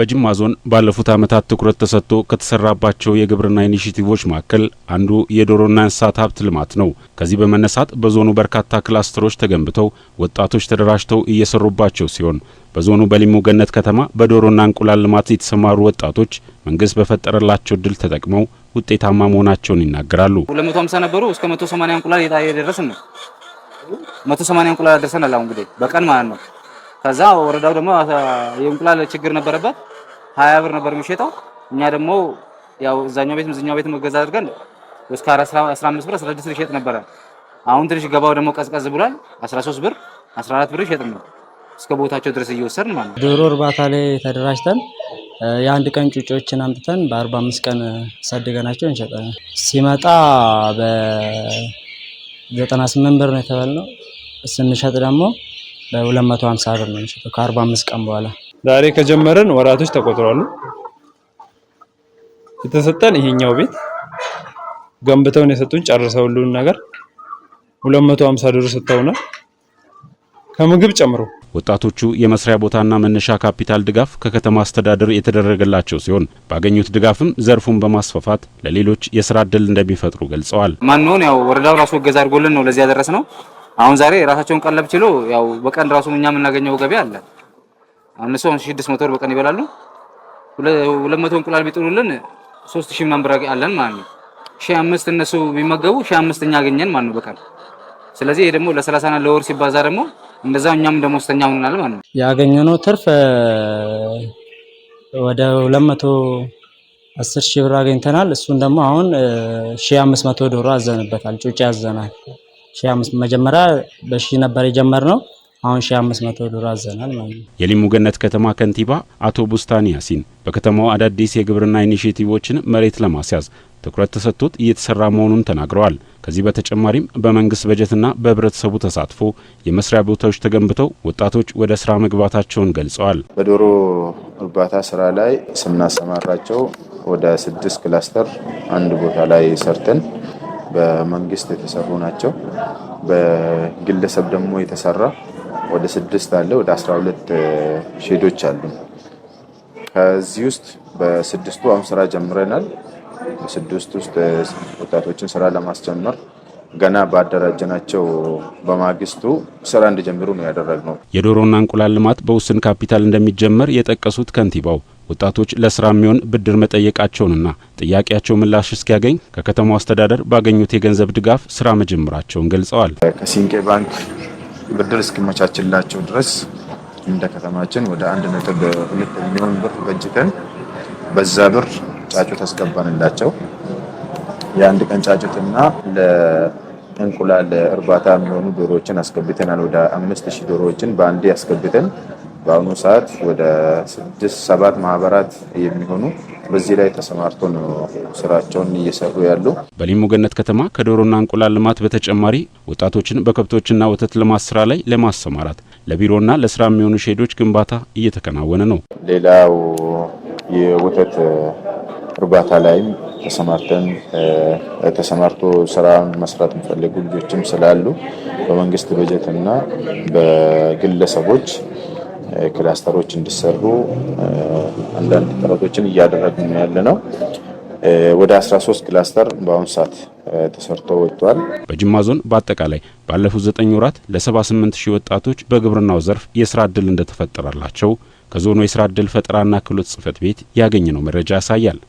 በጅማ ዞን ባለፉት ዓመታት ትኩረት ተሰጥቶ ከተሰራባቸው የግብርና ኢኒሽቲቮች መካከል አንዱ የዶሮና እንስሳት ሀብት ልማት ነው። ከዚህ በመነሳት በዞኑ በርካታ ክላስተሮች ተገንብተው ወጣቶች ተደራጅተው እየሰሩባቸው ሲሆን በዞኑ በሊሙ ገነት ከተማ በዶሮና እንቁላል ልማት የተሰማሩ ወጣቶች መንግስት በፈጠረላቸው እድል ተጠቅመው ውጤታማ መሆናቸውን ይናገራሉ። 250 ነበሩ እስከ ሰማኒያ እንቁላል የደረስን ነው። ሰማኒያ እንቁላል ደርሰናል። አሁን እንግዲህ በቀን ማለት ነው ከዛ ወረዳው ደግሞ የእንቁላል ችግር ነበረበት። ሀያ ብር ነበር የሚሸጠው። እኛ ደግሞ ያው እዛኛው ቤት እዚኛው ቤት እገዛ አድርገን እስከ 15 ብር 16 ይሸጥ ነበረ። አሁን ትንሽ ገባው ደግሞ ቀዝቀዝ ብሏል። 13 ብር 14 ብር ይሸጥ ነው እስከ ቦታቸው ድረስ እየወሰድን ማለት ነው። ዶሮ እርባታ ላይ ተደራጅተን የአንድ ቀን ጩጮችን አምጥተን በ45 ቀን ሰድገናቸው እንሸጣለን። ሲመጣ በ98 ብር ነው የተባልነው ስንሸጥ ደግሞ በ250 ብር ነው የሚሸጠው ከ45 ቀን በኋላ። ዛሬ ከጀመረን ወራቶች ተቆጥሯሉ። የተሰጠን ይሄኛው ቤት ገንብተውን የሰጡን ጨርሰውልን ነገር 250 ብር ሰጥተውናል ከምግብ ጨምሮ። ወጣቶቹ የመስሪያ ቦታና መነሻ ካፒታል ድጋፍ ከከተማ አስተዳደር የተደረገላቸው ሲሆን ባገኙት ድጋፍም ዘርፉን በማስፋፋት ለሌሎች የስራ እድል እንደሚፈጥሩ ገልጸዋል። ማን ያው ወረዳው ራሱ እገዛ አድርጎልን ነው ለዚህ ያደረስ ነው። አሁን ዛሬ ራሳቸውን ቀለብ ችሎ ያው በቀን ራሱ እኛ የምናገኘው ገበያ አለ። አሁን እሱ 1600 ብር በቀን ይበላሉ። 200 እንቁላል ቢጥሉልን 3000 ምናምን ብር አለን ማለት ነው። 1500 እነሱ ቢመገቡ 1500 እኛ አገኘን ማለት ነው በቀን። ስለዚህ ይሄ ደግሞ ለ30ና ለወር ሲባዛ ደግሞ እንደዛ እኛም ደሞዝተኛ ሆነናል ማለት ነው። ያገኘነው ትርፍ ወደ 200 10 ሺህ ብር አገኝተናል። እሱን ደግሞ አሁን 1500 ዶሮ አዘንበታል፣ ጩጬ አዘናል። መጀመሪያ በሺህ ነበር የጀመርነው። አሁን ሺህ አምስት መቶ ዶር አዘናል ማለት ነው። የሊሙ ገነት ከተማ ከንቲባ አቶ ቡስታን ያሲን በከተማው አዳዲስ የግብርና ኢኒሼቲቮችን መሬት ለማስያዝ ትኩረት ተሰጥቶት እየተሰራ መሆኑን ተናግረዋል። ከዚህ በተጨማሪም በመንግስት በጀትና በህብረተሰቡ ተሳትፎ የመስሪያ ቦታዎች ተገንብተው ወጣቶች ወደ ስራ መግባታቸውን ገልጸዋል። በዶሮ እርባታ ስራ ላይ ስናሰማራቸው ወደ ስድስት ክላስተር አንድ ቦታ ላይ ሰርተን በመንግስት የተሰሩ ናቸው። በግለሰብ ደግሞ የተሰራ ወደ ስድስት አለ ወደ አስራ ሁለት ሼዶች አሉ። ከዚህ ውስጥ በስድስቱ አሁን ስራ ጀምረናል። በስድስቱ ውስጥ ወጣቶችን ስራ ለማስጀመር ገና ባደራጀናቸው በማግስቱ ስራ እንዲጀምሩ ነው ያደረግነው። የዶሮና እንቁላል ልማት በውስን ካፒታል እንደሚጀመር የጠቀሱት ከንቲባው ወጣቶች ለስራ የሚሆን ብድር መጠየቃቸውንና ጥያቄያቸው ምላሽ እስኪያገኝ ከከተማው አስተዳደር ባገኙት የገንዘብ ድጋፍ ስራ መጀመራቸውን ገልጸዋል። ከሲንቄ ባንክ ብድር እስኪመቻችላቸው ድረስ እንደ ከተማችን ወደ አንድ ነጥብ ሁለት ሚሊዮን ብር በጅተን በዛ ብር ጫጩት አስገባንላቸው። የአንድ ቀን ጫጩትና ለእንቁላል እርባታ የሚሆኑ ዶሮዎችን አስገብተናል። ወደ አምስት ሺህ ዶሮዎችን በአንዴ አስገብተን በአሁኑ ሰዓት ወደ ስድስት ሰባት ማህበራት የሚሆኑ በዚህ ላይ ተሰማርቶ ነው ስራቸውን እየሰሩ ያሉ። በሊሙ ገነት ከተማ ከዶሮና እንቁላል ልማት በተጨማሪ ወጣቶችን በከብቶችና ወተት ልማት ስራ ላይ ለማሰማራት ለቢሮና ለስራ የሚሆኑ ሼዶች ግንባታ እየተከናወነ ነው። ሌላው የወተት እርባታ ላይም ተሰማርተን ተሰማርቶ ስራን መስራት የሚፈልጉ ልጆችም ስላሉ በመንግስት በጀትና በግለሰቦች ክላስተሮች እንዲሰሩ አንዳንድ ጥረቶችን እያደረግን ያለ ነው። ወደ 13 ክላስተር በአሁኑ ሰዓት ተሰርቶ ወጥቷል። በጅማ ዞን በአጠቃላይ ባለፉት 9 ወራት ለ78 ሺህ ወጣቶች በግብርናው ዘርፍ የስራ እድል እንደተፈጠረላቸው ከዞኑ የስራ እድል ፈጠራና ክህሎት ጽህፈት ቤት ያገኘነው መረጃ ያሳያል።